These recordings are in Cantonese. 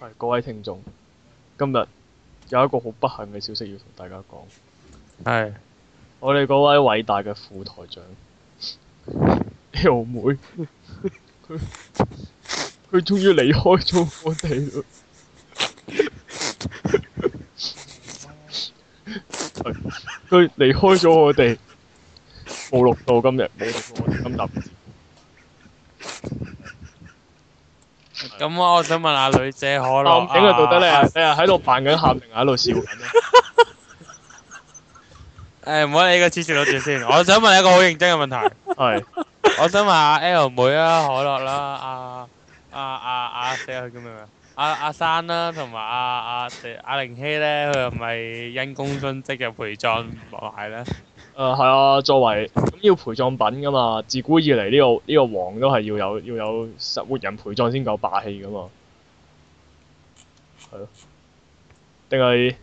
係各位聽眾，今日有一個好不幸嘅消息要同大家講。係，我哋嗰位偉大嘅副台長，阿妹，佢佢終於離開咗我哋，佢離開咗我哋，冇錄到今日，冇錄到我哋，今日。咁我我想問阿女姐可樂啊，你啊喺度扮緊喊定係喺度笑緊？誒，唔好你個黐綫攞住先，我想問你一個好認真嘅問題。係，我想問阿 L 妹啦、可樂啦、阿阿阿阿死啊，叫咩名？阿阿生啦，同埋阿阿阿玲希咧，佢係咪因公殉職嘅陪葬埋咧？誒係、嗯、啊，作為咁、嗯、要陪葬品噶嘛，自古以嚟呢、這個呢、這個王都係要有要有實活人陪葬先夠霸氣噶嘛，係咯、啊，定係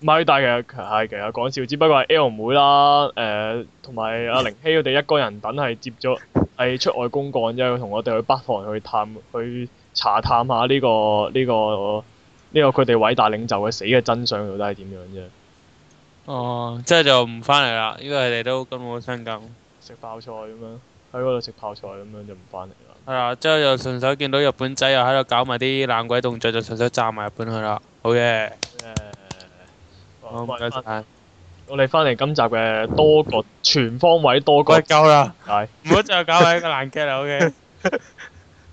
咪？係？但係其實,其實講笑，只不過係 L 妹啦，誒同埋阿玲希佢哋一個人等係接咗係出外公幹啫，同我哋去北韓去探去查探下呢、這個呢、這個呢、這個佢哋、這個、偉大領袖嘅死嘅真相到底係點樣啫。哦，oh, 即係就唔翻嚟啦，因為你哋都金毛身咁，食泡菜咁樣喺嗰度食泡菜咁樣就唔翻嚟啦。係啊，即係又順手見到日本仔又喺度搞埋啲爛鬼動作，就順手炸埋日本去啦。好嘅，yeah. oh, 嗯、我哋翻嚟今集嘅多角全方位多角夠啦，唔好再搞埋一個難 g e 啦，好嘅。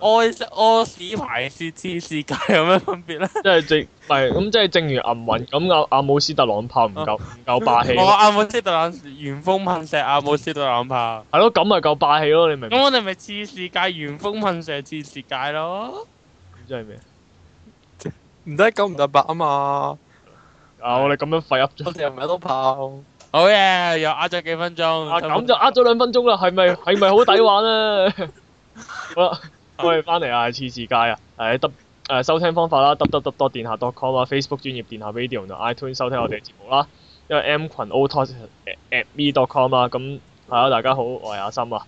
愛食屙屎排泄黐士界有咩分別咧？即係正唔係咁，即係正如銀魂咁阿、阿姆斯特朗炮唔夠、唔夠霸氣。我阿姆斯特朗旋風噴射阿姆斯特朗炮。係咯，咁咪夠霸氣咯？你明唔明？咁我哋咪黐士界旋風噴射黐士界咯。咁即係咩？唔得咁唔得白啊嘛！啊，我哋咁樣廢噏咗，你又唔喺度炮？好嘢，又呃咗幾分鐘。啊，咁就呃咗兩分鐘啦，係咪係咪好抵玩啊？好啦。我哋翻嚟啊，次次街啊，誒、欸、得誒、呃、收聽方法啦得得得 w 電下 .com 啊，Facebook 專頁電下 v i d e o 同 iTune 收聽我哋嘅節目啦，因為 M 群 oldtalk at me.com 啊，咁係啊，大家好，我係阿森啊，咁、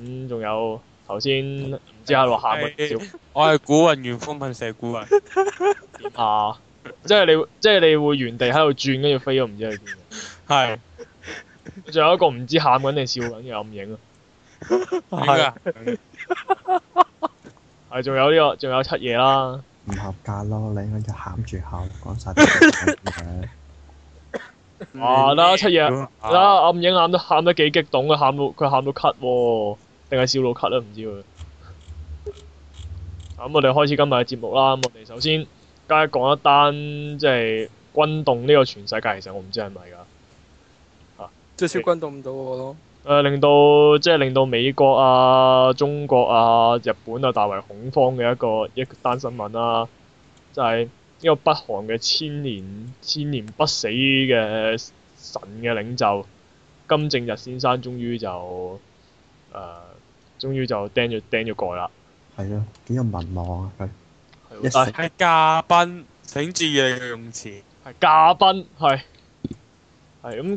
嗯、仲有頭先唔知喺度喊緊笑，欸欸、我係古雲原風噴射古雲，啊， 即係你即係你會原地喺度轉跟住飛咗，唔知係點？係的，仲有一個唔知喊緊定笑緊嘅暗影啊，點啊？ 係，仲 有呢、這個，仲有七爺啦，唔合格咯，你應該就喊住口，講晒啲嘢。好啦、 啊，七爺，啦暗影喊都喊得幾激動佢喊到佢喊到咳，定係笑到咳都唔知佢。咁、 嗯、我哋開始今日嘅節目啦。嗯、我哋首先梗係講一單，即係轟動呢個全世界，其實我唔知係咪㗎，即係轟動唔到我咯。呃、令到即係令到美國啊、中國啊、日本啊大為恐慌嘅一個一單新聞啦、啊，就係、係、呢個北韓嘅千年千年不死嘅神嘅領袖金正日先生，終於就誒、呃，終於就釘咗釘咗蓋啦。係啊，幾有文望啊！係，但係的、哎、嘉賓請注意用詞，係嘉賓係。係咁嗰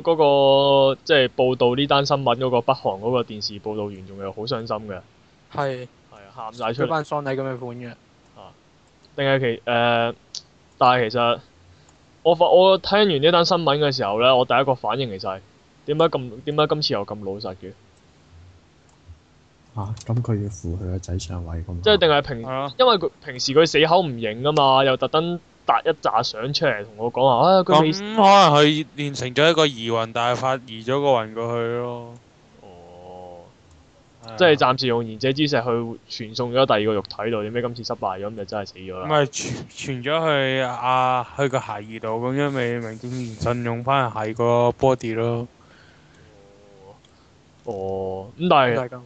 個嗰、那個即係、就是、報導呢單新聞嗰個北韓嗰個電視報導員仲有好傷心嘅，係係喊曬出，嗰班喪禮咁樣款嘅，啊，定係其誒、呃，但係其實我發我聽完呢單新聞嘅時候咧，我第一個反應其實係點解咁點解今次又咁老實嘅？啊，咁、嗯、佢要扶佢個仔上位咁，即係定係平因為佢平時佢死口唔認㗎嘛，又特登。拍一扎相出嚟，同我講話啊！咁、嗯、可能佢練成咗一個移魂大法，移咗個魂過去咯。哦、oh.，Yeah. 即係暫時用賢者之石去傳送咗第二個肉體度，點解今次失敗咗咁就真係死咗啦？唔係傳傳咗去啊，去個鞋兒度咁，因為明顯用翻第二個 body 咯。哦，咁但係，係啊，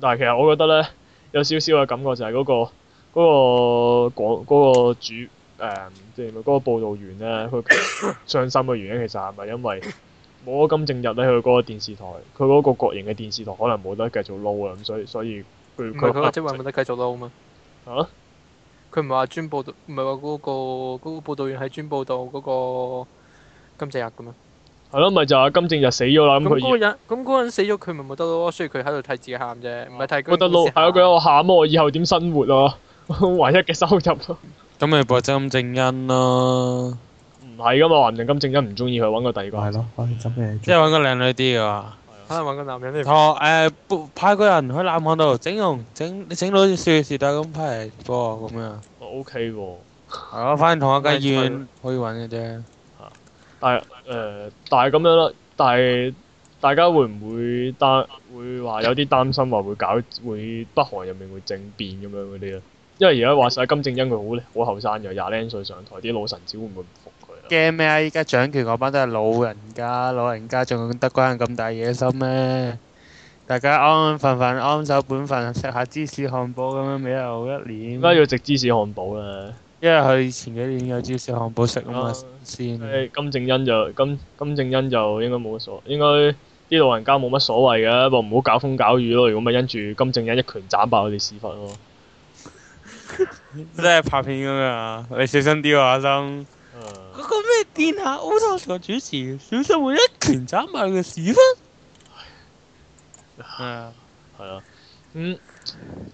但係、嗯、其實我覺得咧，有少少嘅感覺就係嗰、那個嗰、那個廣嗰、那個那個那個主。誒，即係嗰個報導員咧，佢傷心嘅原因其實係咪因為冇咗金正日咧？佢嗰個電視台，佢嗰個國營嘅電視台可能冇得繼續撈啊！咁所以，所以佢佢個職冇得繼續撈啊！嚇？佢唔係話專報導，唔係話嗰個嗰、嗰個報導員係專報導嗰個金正日嘅咩？係咯，咪就係金正日死咗啦！咁佢咁嗰個人死咗，佢咪冇得咯？所以佢喺度替自己喊啫，唔係替覺得撈係咯，佢喺度喊喎，我以後點生活啊？唯一嘅收入咯～咁咪播金正恩咯，唔係噶嘛？話唔定金正恩唔中意佢，揾個第二個。係咯， 即係揾個靚女啲噶。係啊，可能揾個男人啲。哦，誒、呃，派個人去南韓度整容，整你整到好似雪時代咁批嚟播咁樣。O K 噶。係、okay、啊、嗯，反正同一間醫院、 嗯嗯、可以揾嘅啫。但係誒，但係咁樣咯，但係大家會唔會擔？會話有啲擔心，話會搞，會北韓入面會政變咁樣嗰啲啊？因為而家話曬金正恩佢好好後生嘅，廿零歲上台，啲老臣子會唔會唔服佢啊？驚咩啊？依家掌權嗰班都係老人家，老人家仲得關咁大野心咩？大家安安份份，安守本分，食下芝士漢堡咁樣咪又一年。應該要食芝士漢堡啦，因為佢前幾年有芝士漢堡食啊嘛，該先。金正恩就金金正恩就應該冇乜所謂，應該啲老人家冇乜所謂嘅，不過唔好搞風搞雨咯。如果咪因住金正恩一拳斬爆佢哋屎忽咯。即係 拍片咁樣啊！你小心啲啊，阿生、uh,。嗰個咩殿下烏托邦主持，小心會一拳斬埋佢屎忽。係啊，係啊。嗯，誒、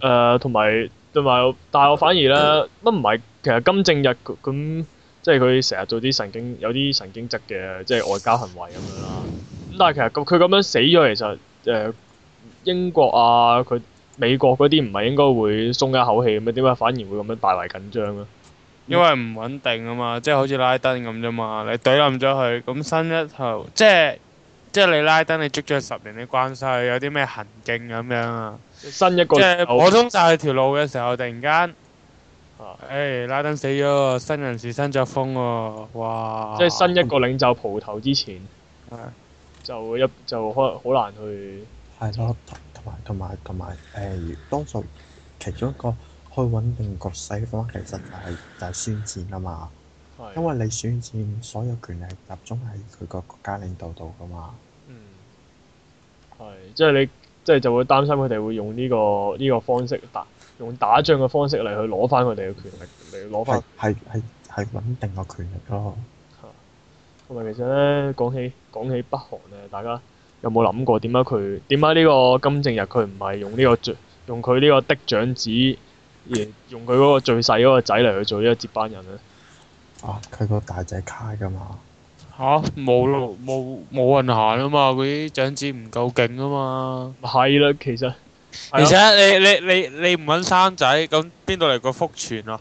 嗯，同埋，同埋，但係我反而咧，乜唔係？其實金正日咁，即係佢成日做啲神經，有啲神經質嘅，即係外交行為咁樣啦。咁但係其實佢佢咁樣死咗，其實誒，英國啊，佢。美國嗰啲唔係應該會鬆一口氣咩？點解反而會咁樣大為緊張咧？因為唔穩定啊嘛，即係好似拉登咁啫嘛。你抵冧咗佢，咁新一頭，即係即係你拉登，你捉咗十年關係，你關曬有啲咩行徑咁樣啊？新一個即係通曬佢條路嘅時候，突然間，誒、啊欸、拉登死咗，新人士新作風喎、啊，哇！即係新一個領袖蒲頭之前，啊、就一就可能好難去係、嗯同埋同埋誒，多數其中一個去穩定局勢嘅方，其實就係就係宣戰啊嘛。係因為你宣戰，所有權力集中喺佢個國家領導度噶嘛。嗯，係，即係你即係就會擔心佢哋會用呢個呢個方式打，用打仗嘅方式嚟去攞翻佢哋嘅權力嚟攞翻。係係係穩定個權力咯。係。同埋其實咧，講起講起北韓咧，大家。有冇諗過點解佢點解呢個金正日佢唔係用呢個最用佢呢個的長子，而用佢嗰個最細嗰個仔嚟去做呢個接班人呢？啊，佢個大仔卡噶嘛？吓、啊，冇路冇冇人行啊嘛，佢啲長子唔夠勁啊嘛。唔係啦，其實而且你你你你唔搵生仔，咁邊度嚟個福傳啊？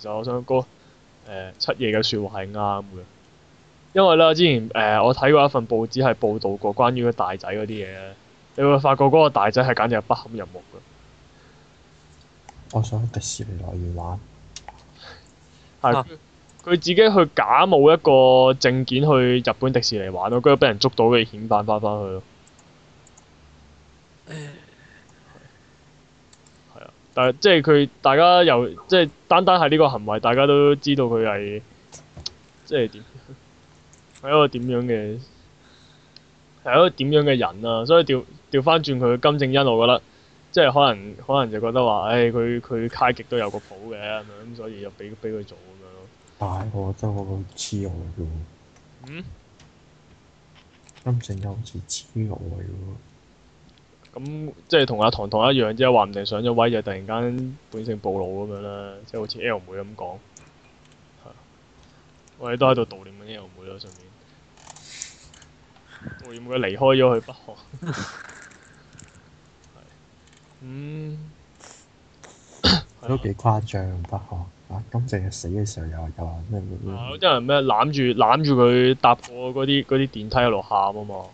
其實我想講、那個呃，七爺嘅說話係啱嘅。因為咧，之前誒、呃、我睇過一份報紙係報導過關於嗰大仔嗰啲嘢咧，你會發覺嗰個大仔係簡直不堪入目咯。我想迪士尼樂園玩。係 是，佢、啊、自己去假冒一個證件去日本迪士尼玩咯，跟住俾人捉到，佢遣返翻翻去咯。係啊， 但係即係佢大家有即係單單係呢個行為，大家都知道佢係即係點？係一個點樣嘅？係一個點樣嘅人啊！所以調調翻轉佢金正恩，我覺得即係可能可能就覺得話，唉，佢佢太極都有個譜嘅咁，所以就俾俾佢做咁樣咯。但係我覺得我好黐我嘅。嗯？金正恩好似黐我嘅喎。咁即係同阿唐唐一樣啫，話唔定上咗位就突然間本性暴露咁樣啦，即係好似 L 妹咁講。我哋都喺度悼念呢個妹咯，上面悼念佢離開咗去北韓。嗯，都幾誇張北韓啊！咁淨係死嘅時候又又話咩咩咩？有啲人咩攬住攬住佢搭過嗰啲嗰啲電梯喺度喊啊嘛！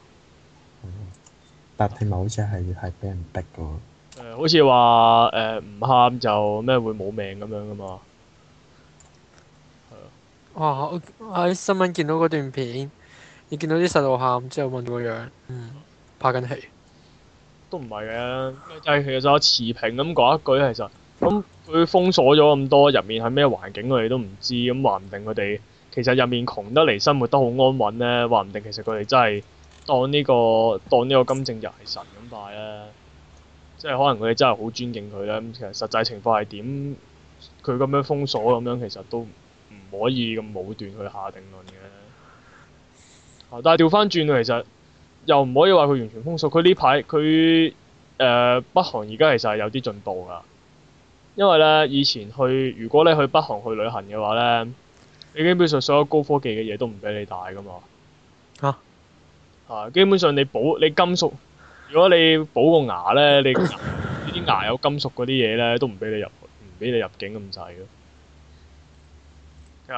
搭係咪好似係係俾人逼嘅？誒、呃，好似話誒唔喊就咩會冇命咁樣噶嘛？哇！我喺新聞見到嗰段片，你見到啲細路喊之後問個樣、嗯，拍緊戲，都唔係嘅，但係其實就持平咁講一句，其實咁佢封鎖咗咁多入面係咩環境，佢哋都唔知，咁話唔定佢哋其實入面窮得嚟，生活得好安穩呢。話唔定其實佢哋真係當呢、呢個當呢個金正日係神咁拜呢，即係可能佢哋真係好尊敬佢呢。咁其實實際情況係點？佢咁樣封鎖咁樣，其實都，唔可以咁武斷去下定論嘅、啊。但係調翻轉，其實又唔可以話佢完全封鎖。佢呢排，佢誒北韓而家其實係有啲進步㗎。因為呢，以前去，如果你去北韓去旅行嘅話呢，你基本上所有高科技嘅嘢都唔俾你帶㗎嘛。嚇、啊啊？基本上你補你金屬，如果你補個牙呢，你呢啲 牙有金屬嗰啲嘢呢，都唔俾你入，唔俾你入境咁滯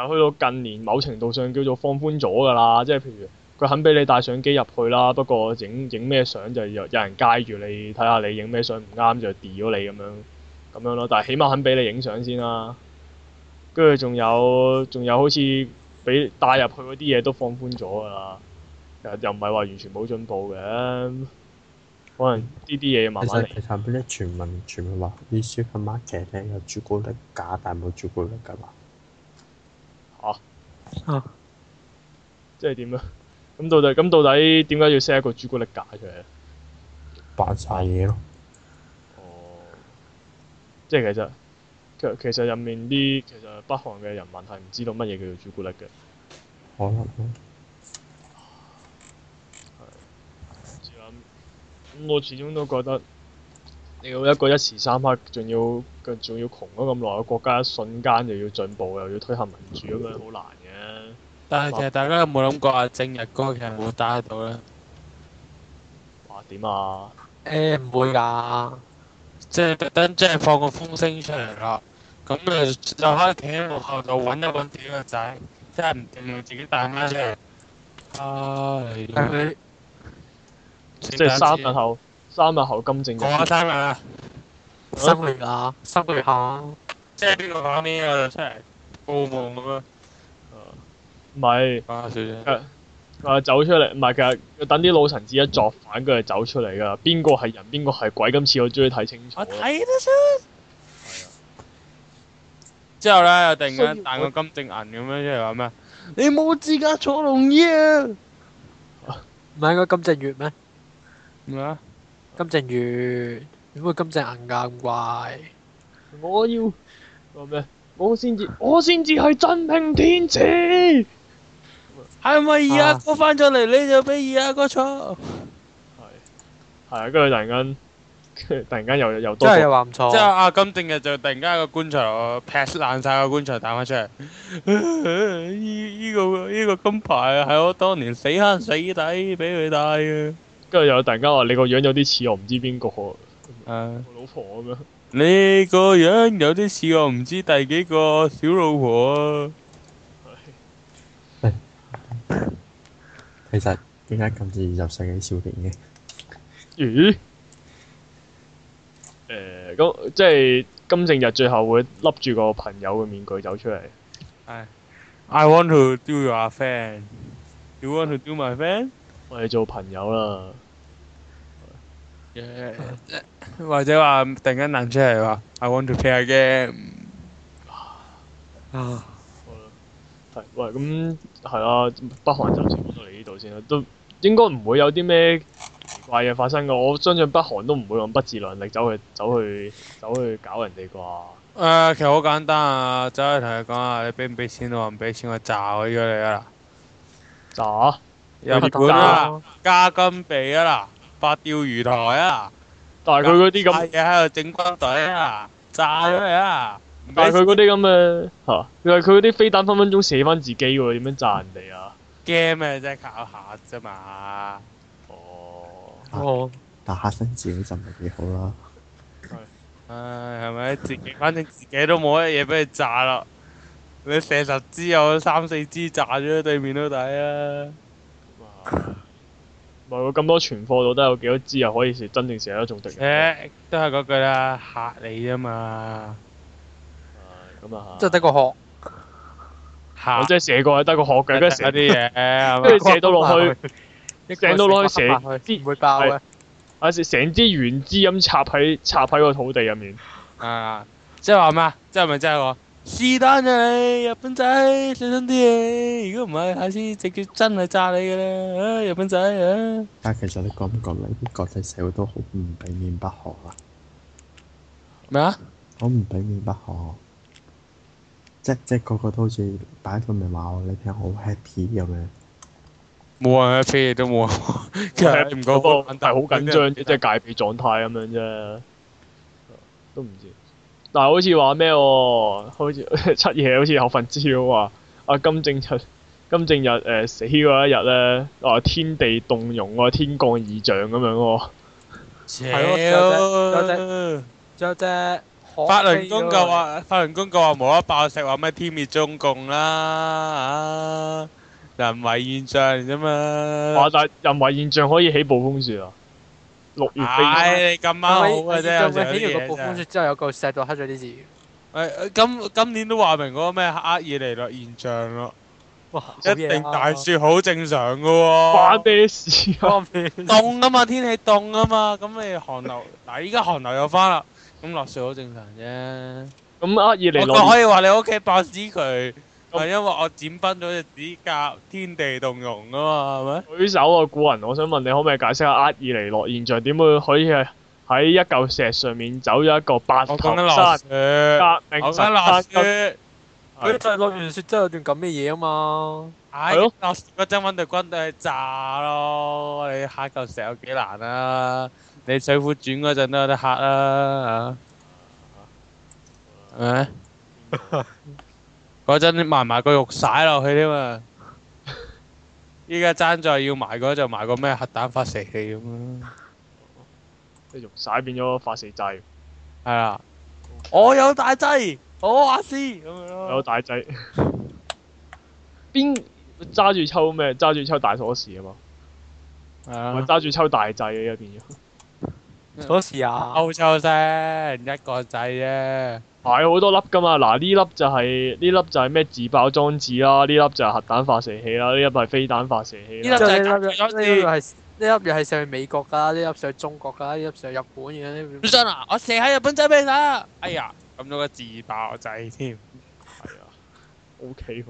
去到近年，某程度上叫做放寬咗㗎啦，即係譬如佢肯俾你帶相機入去啦，不過影影咩相就有有人介住，你睇下你影咩相，唔啱就 delete 你咁樣，咁樣咯。但係起碼肯俾你影相先啦。跟住仲有仲有好似俾帶入去嗰啲嘢都放寬咗㗎啦，又唔係話完全冇進步嘅。可能呢啲嘢慢慢嚟。其實睇殘片，啲傳聞傳聞話，Easter 有朱古力㗎，但冇朱古力㗎嘛。啊！啊！即係點啊？咁到底咁到底點解要 set 一個朱古力架出嚟啊？扮晒嘢咯！哦、嗯！即係其實，其其實入面啲其實北韓嘅人民係唔知道乜嘢叫做朱古力嘅，可能咁、啊啊、係、我,我始終都覺得。要一個一時三刻，仲要仲要窮咗咁耐嘅國家，瞬間就要進步，又要推行民主咁樣，好難嘅。但係其實大家有冇諗過啊？嗯、正日哥其實會打得到咧。哇！點啊？誒唔、欸、會㗎，即係特登即係放個風聲出嚟啦。咁就喺屋企，喺幕後度揾一揾自己嘅仔，即係唔定要自己帶翻出嚟。係、嗯。即係三日後。三日後金正，我三日，三個月啊，三個月後，即係邊個，後面我出嚟報夢咁樣。哦，唔係，小姐，啊，走出嚟，唔係，其實等啲老臣子一作反，佢就走出嚟噶。邊個係人，邊個係鬼？今次我終於睇清楚。我睇得清。係啊。之後咧，我突然間彈個金正銀咁樣，即係話咩？你冇資格坐龍椅啊！唔係應該金正月咩？唔係啊？金正月點解金正銀價咁怪？我要我咩？我先至我先至係真命天子，係咪二阿哥翻咗嚟你就俾二阿哥錯？係係啊，跟住突然間突然間又又多即係又話唔錯，即係阿金正月就突然間個棺材我劈爛晒個棺材彈翻出嚟，呢 依、這個依、這個這個金牌係我當年死慳死抵俾佢帶嘅。之後又突然間話你個樣有啲似我唔知邊個，老婆咁樣。你個樣有啲似我唔知第幾個小老婆。喂，其實點解咁似二十世紀少年嘅？咦？誒，咁即係金正日最後會笠住個朋友嘅面具走出嚟。係。I want to do your friend. You want to do my friend？我哋做朋友啦。Yeah. 或者話突然間諗出嚟話，I want to play a game。啊，係，喂，咁係啊，北韓暫時搬咗嚟呢度先啦，都應該唔會有啲咩怪嘢發生噶，我相信北韓都唔會用不自量力走去走去走去，去搞人哋啩。誒、呃，其實好簡單啊，走去同佢講啊，你俾唔俾錢我，唔俾錢我炸咗你炸啊！炸，又唔會啦，加金幣啊啦！八釣魚台啊！但係佢嗰啲咁嘅嘢喺度整軍隊啊，炸咗佢啊？唔係佢嗰啲咁嘅，但係佢嗰啲飛彈分分鐘死翻自己喎，點樣炸人哋啊？驚咩啫？靠下啫嘛！哦，但係吓親自己就唔係幾好啦。 唉，係咪？自己反正自己都冇乜嘢俾佢炸咯。你四十支有三四支炸咗對面都抵啊！ 我咁多存貨度都有幾多支啊？可以是真正射得一種敵人。誒，都係嗰句啦，嚇你啫嘛。係，咁啊嚇。真係得個殼。嚇！即真係射過係得個殼嘅，跟住射啲嘢，跟住射到落去，你射到落去射，唔會爆嘅。啊！成支原支咁插喺插喺個土地入面。啊！即係話咩啊？即係咪即係我？是但咋你，日本仔小心啲，如果唔係，下次直接真係炸你噶啦！唉，日本仔啊！但其實你覺唔覺講啲國際社會都好唔俾面不可啊！咩啊麼？好唔俾面不可，即即個個都好似擺喺度話我你聽我好 happy 咁樣，冇啊，一飛都冇啊，其實你唔覺個問題好緊張，即係戒備狀態咁樣啫，都唔知。但係好似話咩喎？好似七夜，好似有份資料話啊，金正日，金正日誒、呃、死嗰一日咧啊，天地動容啊，天降異象咁樣喎、哦。扯惠！嗰隻嗰隻法輪功就話法輪功就話無得爆石，話咩天滅中共啦嚇、啊，人為現象啫嘛。話就、啊、人為現象可以起暴風雪啊！六月、啊哎、你咁啱好嘅、啊、啫。就係起完個暴風雪之後有個石到黑咗啲字。誒今今年都話明嗰個咩厄爾尼諾現象咯。哇！一定大雪好正常嘅喎、哦。反咩市啊？凍 啊嘛，天氣凍啊嘛，咁你寒流嗱依家寒流又翻啦，咁落雪好正常啫。咁厄爾尼諾。我可以話你屋企爆屎渠。 係因為我剪崩咗隻指甲，天地動容啊嘛，係咪？舉手啊，古人！我想問你，可唔可以解釋下厄爾尼諾現象點會可以喺喺一嚿石上面走咗一個八塔山？八塔山落雪，佢就落完雪之後仲咁咩嘢啊嘛？係咯、哎呀，我、啊、真揾對軍隊去炸咯！你下嚿石有幾難啊？你水滸轉嗰陣都有得下啊，係咪？ 嗰陣賣埋個肉晒落去添啊！依家爭在要賣嗰就賣個咩核彈發射器咁樣咯，啲肉晒變咗發射掣，係啊了！我有大掣，我話事咁樣咯。有大掣，邊揸住抽咩？揸住抽大鎖匙啊嘛，係啊！揸住抽大掣啊，變咗鎖匙啊！抽洲先，一個掣啫。係好多粒噶嘛，嗱呢粒就係，呢粒就係咩自爆裝置啦，呢粒就係核彈發射器啦，呢粒係飛彈發射器。呢粒就係，呢粒又係，呢粒又係上去美國噶，呢粒上去中國噶，呢粒上去日本嘅。唔信啊？我射喺日本仔俾你。哎呀，咁多個自爆仔添。係啊，O K。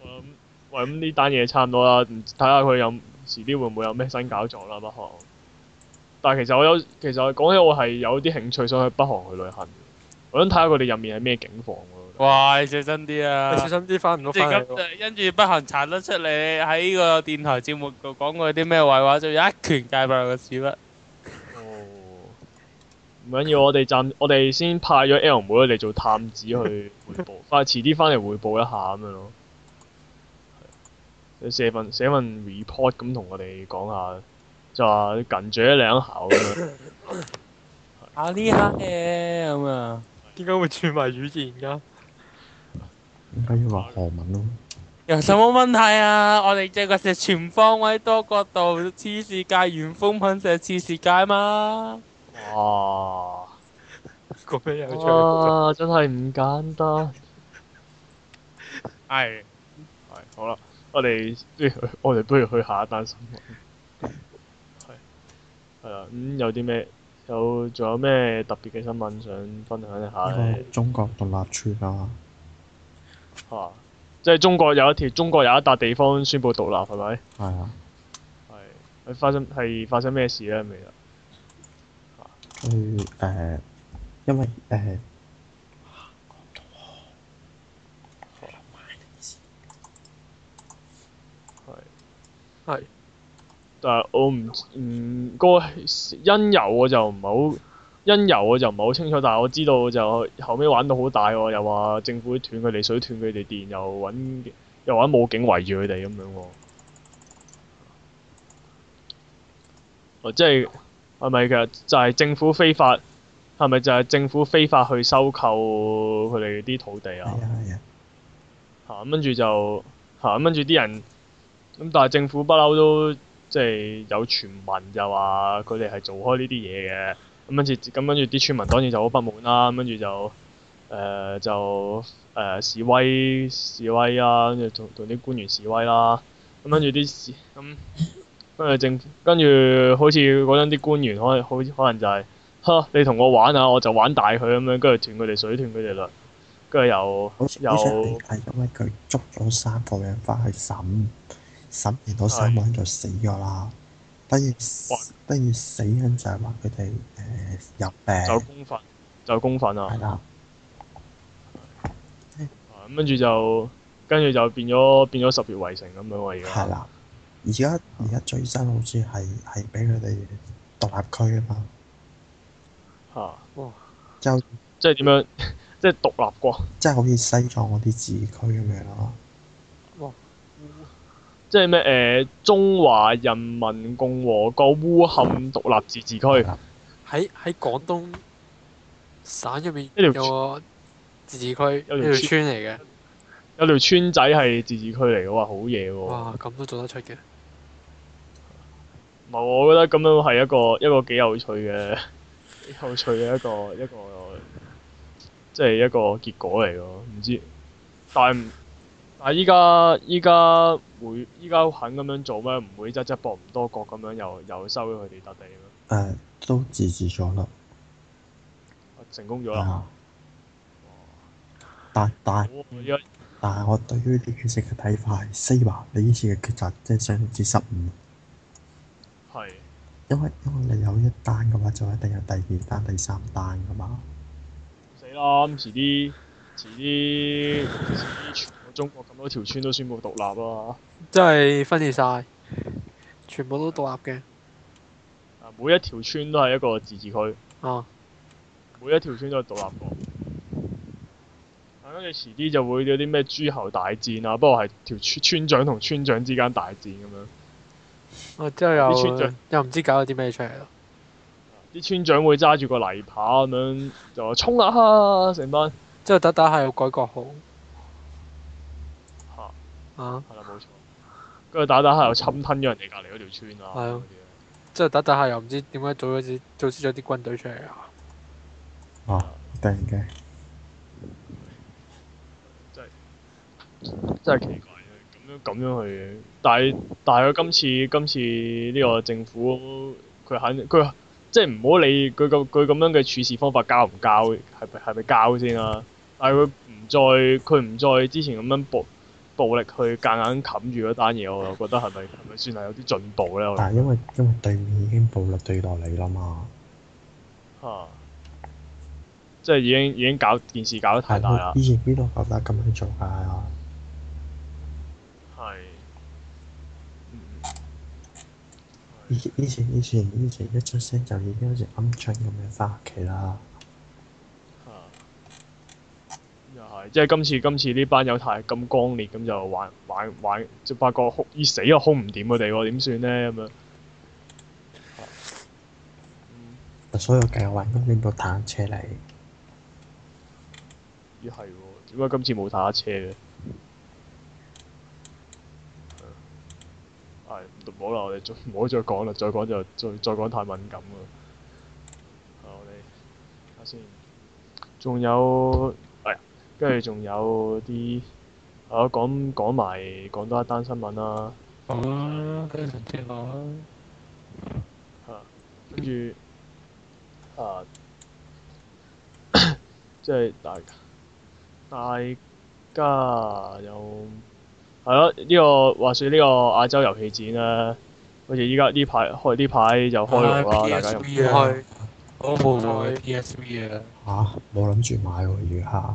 我諗喂，咁呢單嘢差唔多啦，睇下佢有遲啲會唔會有咩新搞作啦，不何？但係其實我有，其實講起我係有啲興趣，想去北韓去旅行。我想睇下佢哋入面係咩境況咯。哇！小心啲啊！小心啲翻唔到翻嚟。跟住北韓查得出嚟，喺呢個電台節目度講過啲咩壞話，就一拳界爆個屎窟。哦。唔緊要，我哋暫，我哋先派咗 L 妹嚟做探子去回報，快遲啲翻嚟回報一下咁樣咯。寫份寫份 report 咁同我哋講下。就話近住一兩口，啊，呢刻嘅咁啊，點解會轉埋語言㗎，點解要話韓文咯？有什麼問題啊？我哋這個係全方位多角度次世界元風品社次世界嗎？嘛哇！咁樣又出？哇！ 真係唔簡單。係係好啦，我哋、哎、我哋都要去下一單新聞。係啊，咁有啲咩？有仲有咩特別嘅新聞想分享一下咧？中國獨立村啊！即係中國有一條，中國有一笪地方宣布獨立，係咪？係的啊。係、嗯。係發生係發生咩事咧？未啊？佢誒，因為誒。係、呃。係、啊。但係我唔唔該因由我就唔係好因由我就唔係好清楚，但係我知道我就後屘玩到好大喎，又話政府斷佢哋水，斷佢哋電，又搵又搵武警圍住佢哋咁樣喎。哦，啊、即係係咪其實就係政府非法？係咪就係政府非法去收購佢哋啲土地 啊？係啊係啊。嚇！跟住就嚇！跟住啲人咁，但係政府不嬲都即係有傳聞就話佢哋係做開呢啲嘢嘅，咁跟住，咁跟住啲村民當然就好不滿啦，跟住就誒、呃、就誒、呃、示威示威啊，跟住同同啲官員示威啦，咁跟住啲示咁跟住政，跟住、嗯、好似嗰陣啲官員可能好可能就係、是、嚇你同我玩下，我就玩大佢咁樣，跟住斷佢哋水，斷佢哋糧，跟住又又係因為佢捉咗三個人翻去審。十年到三萬就死咗啦，不如不如死咁就係話佢哋誒有病，有公憤，有公憤啊！係啦，咁跟住就跟住就變咗變咗十月圍城咁樣啊！而家而家而家最新好似係係俾佢哋獨立區啊嘛，吓哇！就即係點樣即係獨立國，即係好似西藏嗰啲自治區咁樣咯。即係咩？誒、呃，中華人民共和國烏坎獨立自治區喺喺廣東省入邊，一條自治區，有條村嚟嘅，有條村仔係自治區嚟嘅喎，好嘢喎！哇！咁都做得出嘅，唔係，我覺得咁樣係一個一個幾有趣嘅，幾有趣嘅一個， 一個一個，即係一個結果嚟咯。唔知但係，但係依家依家。會而家肯咁樣做咩？唔會即即搏唔多角咁樣又又收咗佢哋笪地咩？誒，uh, 都自治咗咯，成功咗 Yeah. 哇。但、哦、但但係我對於呢啲決策嘅睇法係，西華你呢次嘅決策即係相當之失誤。係。因為因為你有一單嘅話，就一定有第二單、第三單㗎嘛。死啦！咁遲啲，遲啲，遲啲，全個中國。每條村都宣布獨立咯，即係分裂晒，全部都獨立嘅。每一條村都係一個自治區。啊，每一條村都係獨立國。啊，咁你遲啲就會有啲咩諸侯大戰啊？不過係條村村長同村長之間大戰咁樣。哦、啊，即係有。啲村長又唔知搞咗啲咩出嚟咯。啲、啊、村長會揸住個泥耙咁樣，就話沖啦，啊！成班，即係打打下又改國號。啊，係啦，冇錯。跟住打打下又侵吞咗人哋隔離嗰條村啊，係啊，即係打打下又唔知點解組咗組織咗啲軍隊出嚟啊！啊，突然間，真係真係奇怪嘅，咁樣咁樣去。但係但係佢今次今次呢個政府，佢肯佢即係唔好理佢咁，佢咁樣嘅處事方法交唔交係咪係咪交先啦、啊？但係佢唔再佢唔再之前咁樣搏。暴力去夾硬冚住嗰單嘢，我就覺得係咪係咪算係有啲進步咧？但係因為因為對面已經暴力對待你啦嘛，嚇，即係已經已經搞件事搞得太大啦、啊嗯。以前邊度夠膽咁樣做㗎？係。以前以前以前以前一出聲就已經好似鵪鶉咁樣返屋企啦。即係今次今次呢班友太咁光烈，咁就玩玩玩，就發覺哭熱死又哭唔掂佢哋喎，點算咧咁樣？嗯、所有繼續都拎到坦克嚟。咦係喎？點解、哦、今次冇坦克嘅？係唔好啦，我哋再唔好再講啦，再講就再再講太敏感啦！我哋睇下先，仲有。跟住仲有啲，啊講講埋講多一單新聞啦，啊啊。跟住啊，即係大家大，家大家又係咯，呢個話說呢個亞洲遊戲展咧，好似依家呢排開呢排就開落啦，開開，啊、大家開，我冇開 PSV 啊。冇諗住買喎，而、啊、家。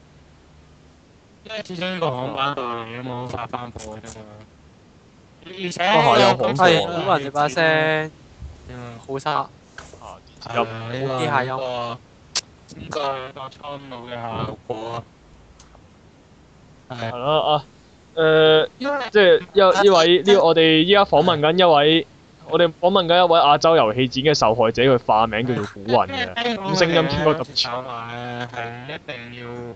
因為始終呢個航班啊，咁我發翻播啫嘛。而且係古韻把聲，嗯，好沙，又冇啲下音啊，應該有個蒼老嘅效果啊。係咯啊，誒，即係一呢位呢，我哋依家訪問緊一位，我哋訪問緊一位亞洲遊戲展嘅受害者，佢化名叫做古韻嘅，咁聲音應該特別。係，係一定要。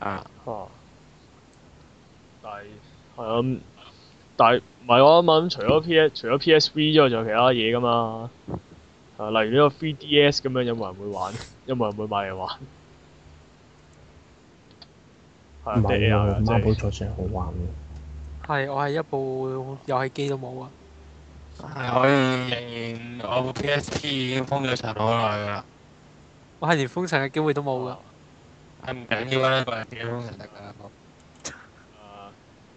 啊！哦、嗯！但係係咁，但係唔係我諗諗，除咗 P S 除咗 P S V 之外，仲有其他嘢噶嘛、啊？例如呢個 3DS 咁樣，有冇人會玩？ 有冇人會買嚟玩？係啊，mate 啊好玩係我係一部遊戲機都冇啊！係我仍然我 P S P 已經封咗塵好耐啦。我係連封塵嘅機會都冇噶。嗯係唔緊要啦，個人喜好其實噶。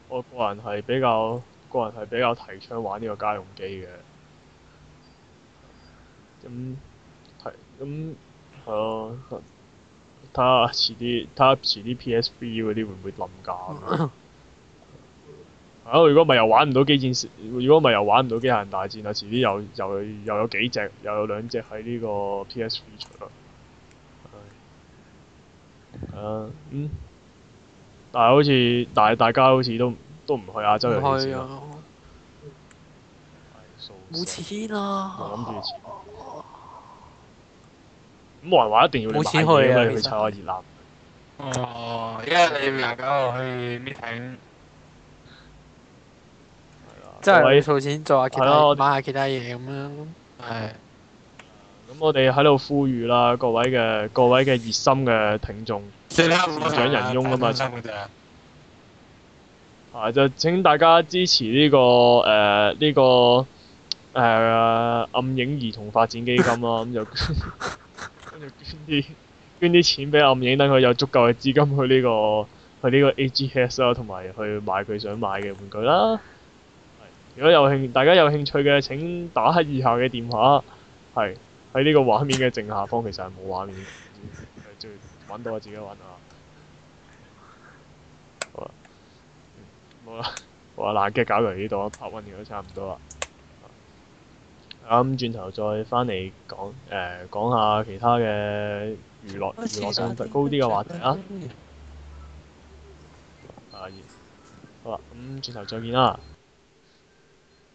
我個人係比較，個人係比較提倡玩呢個家用機嘅。咁、嗯、係，咁係咯。睇、嗯、下、嗯嗯、遲啲，睇下遲啲 PSV 嗰啲會唔會冧價？ 啊！如果唔係又玩唔到機戰，如果唔係又玩唔到機械人大戰啊！遲啲又又又有幾隻，又有兩隻喺呢個 PSV 出啦。嗯，但係好似，但係大家好似都都唔去亞洲呢啲地方冇錢啊！咁冇人話冇錢去啊！去湊下熱鬧哦，因為你咪而家去 meeting，即係要措錢做下其他買下其他嘢咁樣，係。我哋喺度呼籲啦，各位嘅各位嘅熱心嘅聽眾，善長 人翁啊嘛， 啊就請大家支持呢、這個誒呢、呃這個誒、呃、暗影兒童發展基金啦、啊，咁、 嗯、就跟住捐啲 捐啲錢俾暗影，等佢有足夠嘅資金去呢、這個去呢個 AGS 啦、啊，同埋去買佢想買嘅玩具啦。如果有興，大家有興趣嘅，請打黑以下嘅電話，係。喺呢個畫面嘅正下方，其實係冇畫面嘅，最揾到我自己揾啊。好啦、嗯，好啦。好啦，嗱，嘅搞完呢度一拍運氣都差唔多啦。啱轉頭再返嚟講，誒，講下其他嘅娛樂、娛樂性高啲嘅話題啊。啊、嗯，好、嗯、再見啦，咁轉頭再見啦。